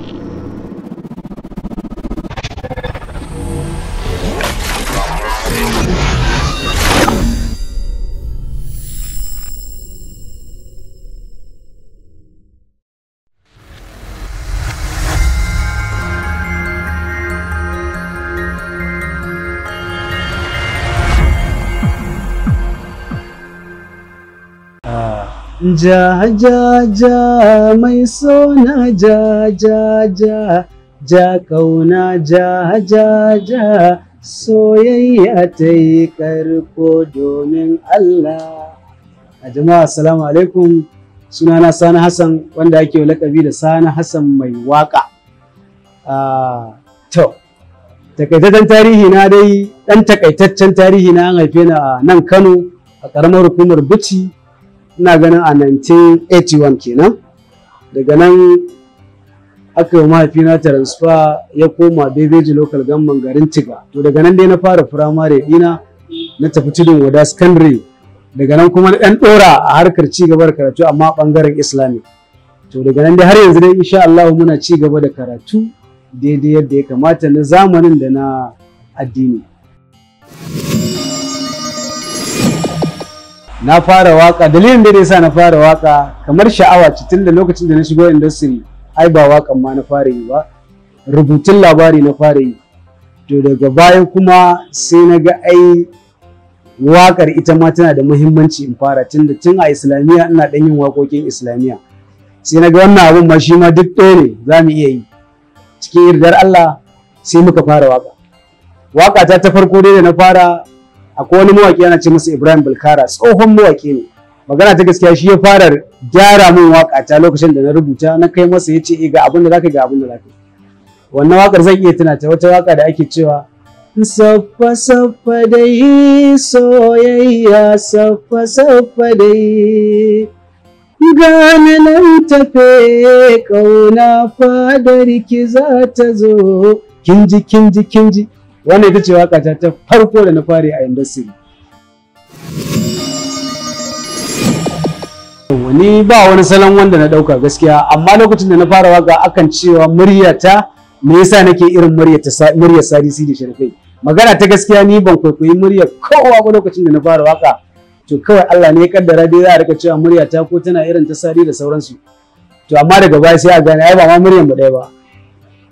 Thank you. ja ja ja mai sona ja ja ja ja kauna ja ja ja soyayya ta yi karko domin Allah a jama'a assalamu alaikum sunana sani hassan wanda ake lakabi da sani hassan mai waka ah, to takaitaccen tarihi na dai ɗan takaitaccen tarihi na an haife ni a nan kano a ƙaramar hukumar buci ina ganin a 1981 kenan daga nan aka yi mahaifina transfer ya koma bebeji local government garin tiga to daga nan dai na fara firamare dina na tafi tudun wada secondary daga nan kuma na dan dora a harkar ci gaba da karatu amma bangaren islami to daga nan dai har yanzu dai insha Allah muna ci gaba da karatu daidai yadda ya kamata na zamanin da na addini. na fara waka dalilin da yasa na fara waka kamar sha'awa ce tun da lokacin da na shigo industry ai ba wakan ma na fara yi ba rubutun labari na fara yi to daga baya kuma sai na ga ai wakar ita ma tana da muhimmanci in fara tun da tun a islamiyya ina dan yin wakokin islamiyya sai na ga wannan abun ma shi ma duk ɗaya ne za mu iya yi cikin yardar Allah sai muka fara waka waka ta ta farko dai da na fara akwai wani mawaki ana ce masa Ibrahim Bulkara tsohon mawaki ne magana ta gaskiya shi ya fara gyara min waka ta lokacin da na rubuta na kai masa ya eh ga abin da zaka ga abin da zaka wannan wakar zan iya tana ta wata waka da ake cewa saffa saffa dai soyayya saffa saffa dai gane nan tafe kauna fadar ki za ta zo kinji kinji kinji wannan ita ce waka ta ta farko da na fare a industry wani ba wani salon wanda na dauka gaskiya amma lokacin da na fara waka akan cewa muryata me yasa nake irin muryar sadisi da sharfai magana ta gaskiya ni ban kwaikwayi murya kowa ba lokacin da na fara waka to kawai Allah ne ya kaddara dai za a rika cewa muryata ko tana irin ta sari da sauransu to amma daga baya sai a gane ai ba ma muryar mu ɗaya ba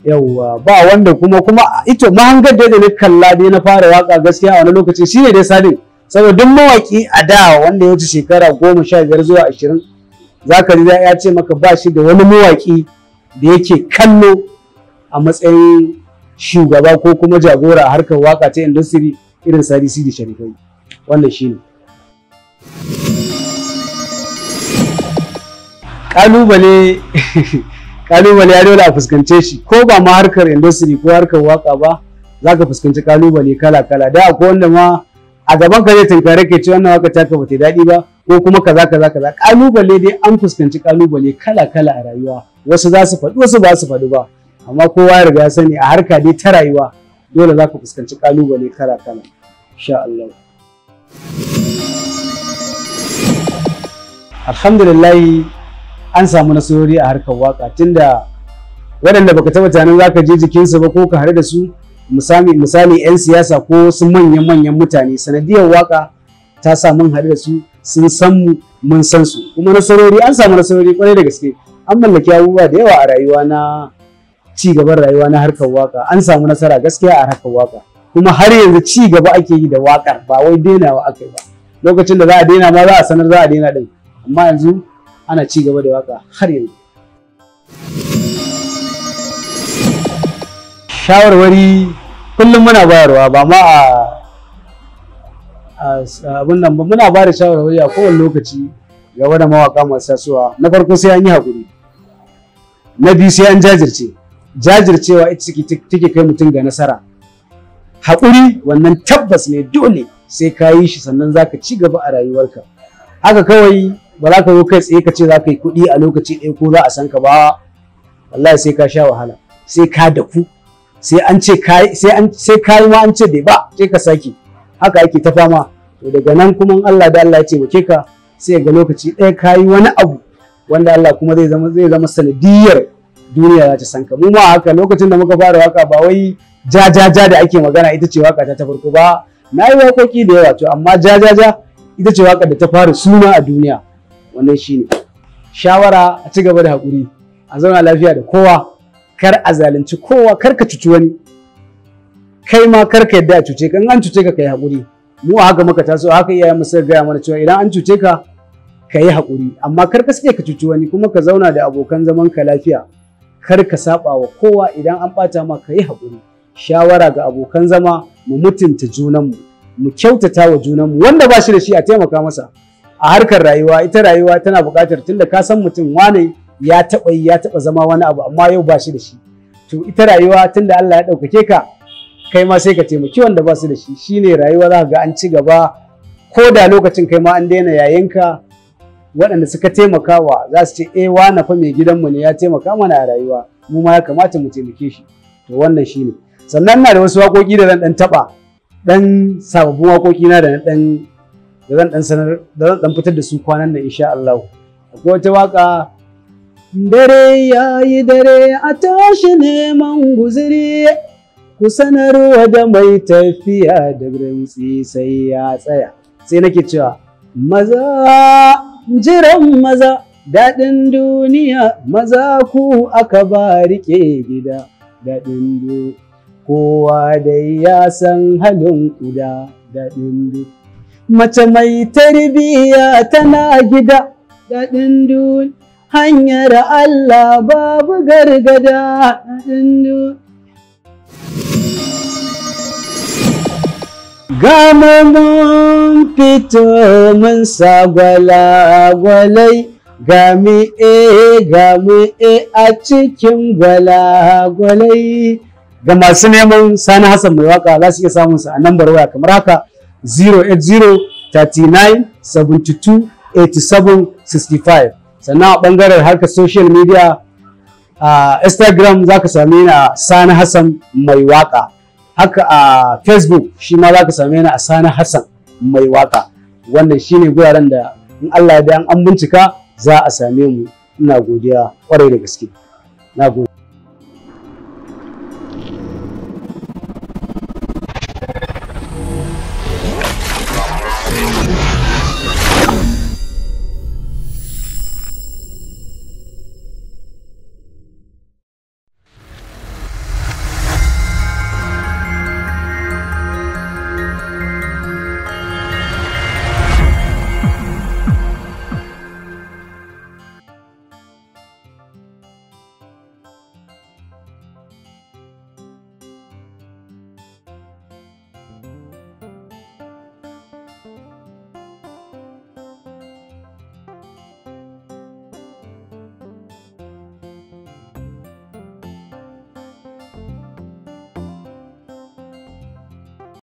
yawwa ba wanda kuma kuma ita mahangar da na kalla dai na fara waka gaskiya a wani lokaci shine dai sadin saboda duk mawaki a da wanda ya wuce shekara goma sha biyar zuwa ashirin zaka ji ya ce maka ba shi da wani mawaki da yake kallo a matsayin shugaba ko kuma jagora a harkar waka ta industry irin sadi sidi sharifai wannan shine Ƙalubale. kalubale ya dole a fuskance shi ko ba ma harkar industry ko harkar waka ba za ka fuskanci kalubale kala kala da akwai wanda ma a gaban ka zai tunkare ke ce wannan waka taka bata daɗi ba ko kuma kaza kaza kaza kalubale dai an fuskanci kalubale kala kala a rayuwa wasu za su faɗi wasu ba su faɗi ba amma kowa ya riga sani a harka dai ta rayuwa dole za ka fuskanci kalubale kala kala insha Allah alhamdulillah an samu nasarori a harkar waka tunda waɗanda baka taɓa tunanin ka je jikinsu ba ko ka haɗu da su misali misali 'yan siyasa ko su manyan manyan mutane sanadiyar waka ta sa mun haɗu da su sun san mu mun san su kuma nasarori an samu nasarori kwarai da gaske an mallaki abubuwa da yawa a rayuwa na ci gaban rayuwa na harkar waka an samu nasara gaskiya a harkar waka kuma har yanzu ci gaba ake yi da wakar ba wai dainawa aka yi ba lokacin da za a daina ma za a sanar za a daina din amma yanzu ana ci gaba da waka har yanzu shawarwari kullum muna bayarwa ba ma a abin nan ba muna ba shawarwari a kowane lokaci Gaba da mawaka masu tasowa na farko sai an yi hakuri na biyu sai an jajirce jajircewa ita take kai mutum ga nasara haƙuri wannan tabbas ne dole sai ka yi shi sannan za ka ci gaba a rayuwarka haka kawai ba za ka zo kai tsaye ka ce za ka yi kuɗi a lokaci ɗaya ko za a san ka ba wallahi sai ka sha wahala sai ka daku sai an ce sai ka yi ma an ce bai ba sai ka sake haka ake ta fama to daga nan kuma Allah da Allah ya ce ke ka sai ga lokaci ɗaya ka yi wani abu wanda Allah kuma zai zama zai sanadiyar duniya za ta san ka mu ma haka lokacin da muka fara waka ba wai ja ja ja da ake magana ita ce waka ta ta farko ba na yi waƙoƙi da yawa to amma ja ja ja ita ce waka da ta fara suna a duniya wannan shi ne. shawara a ci gaba da haƙuri a zauna lafiya da kowa kar a zalunci kowa kar ka cuci wani kai ma kar ka yadda a cuce ka in an cuce ka kai haƙuri mu a haka muka taso haka iya mu suka gaya mana cewa idan an cuce ka ka yi haƙuri amma kar ka sake ka cuci wani kuma ka zauna da abokan zaman ka lafiya kar ka saba wa kowa idan an bata ma ka yi haƙuri shawara ga abokan zama mu mutunta junanmu mu kyautata wa junanmu wanda ba shi da shi a taimaka masa a harkar rayuwa ita rayuwa tana buƙatar tunda ka san mutum wane ya taɓa ya taɓa zama wani abu amma yau ba shi da shi to ita rayuwa tunda Allah ya ɗaukake ka kai ma sai ka taimaki wanda ba su da shi shine rayuwa za ga an ci gaba ko da lokacin kai ma an daina yayinka waɗanda suka taimakawa za su ce e wane fa mai gidanmu ne ya taimaka mana a rayuwa mu ma ya kamata mu taimake shi to wannan shine sannan na da wasu waƙoƙi da zan ɗan taɓa ɗan sababbin waƙoƙi na da na ɗan da zan dan sanar da zan dan fitar da su kwanan nan insha Allah akwai wata waka dare yayi dare a tashi neman guzuri ku sanarwa da mai tafiya da rantsi sai ya tsaya sai nake cewa maza jiran maza daɗin duniya maza ku aka ba rike gida daɗin duniya kowa dai ya san halin kuda daɗin duniya Mace mai tarbiyya tana gida daɗin dun hanyar Allah babu gargada daɗin dun. Gama mun fito mun sa gwalagwalai gami e gami e a cikin gwalagwalai. Ga masu neman Sani Hassan mai waka za su iya samun sa a nan waya kamar haka 080-39-72-87-65 sannan a ɓangaren harkar social media a instagram za ka same ni a sani hassan mai waka haka a facebook shi ma za ka same ni a sani hassan mai waka wannan shine guraren da in allah da an bincika za a same mu ina godiya kwarai da gaske na gode